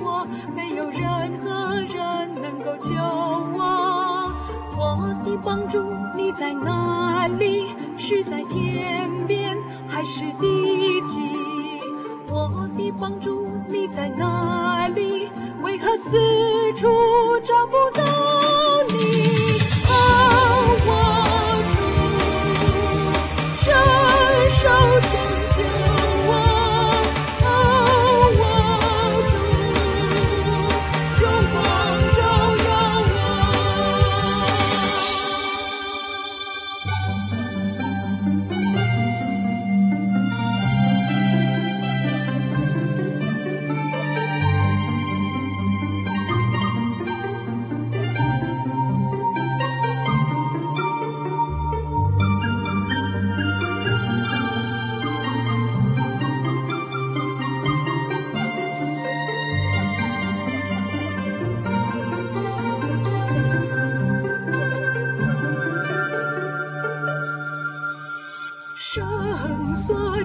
我沒有任何人能夠救我。我的幫助你在哪裡？是在天邊還是地極？我的幫助你在哪裡？為何四處找不到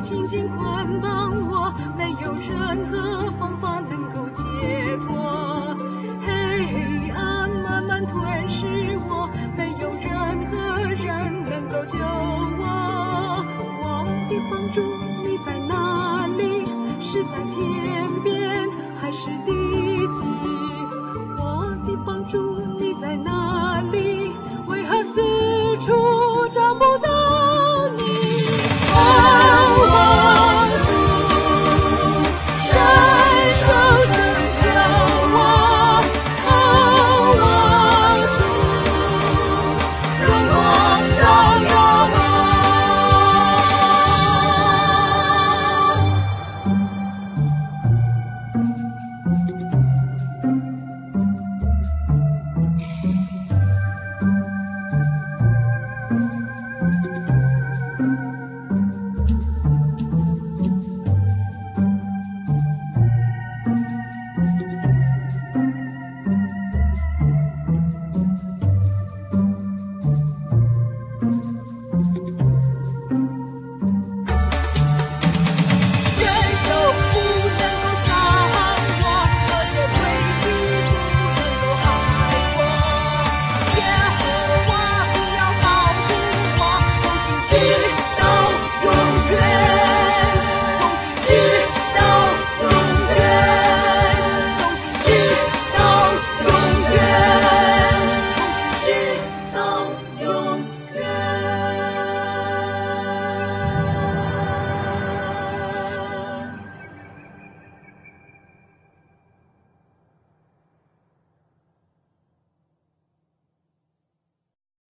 緊緊捆綁我，沒有任何方法能夠解脫。黑暗慢慢吞噬我，沒有任何人能夠救我。我的幫助你在哪裡？是在天邊，還是地極？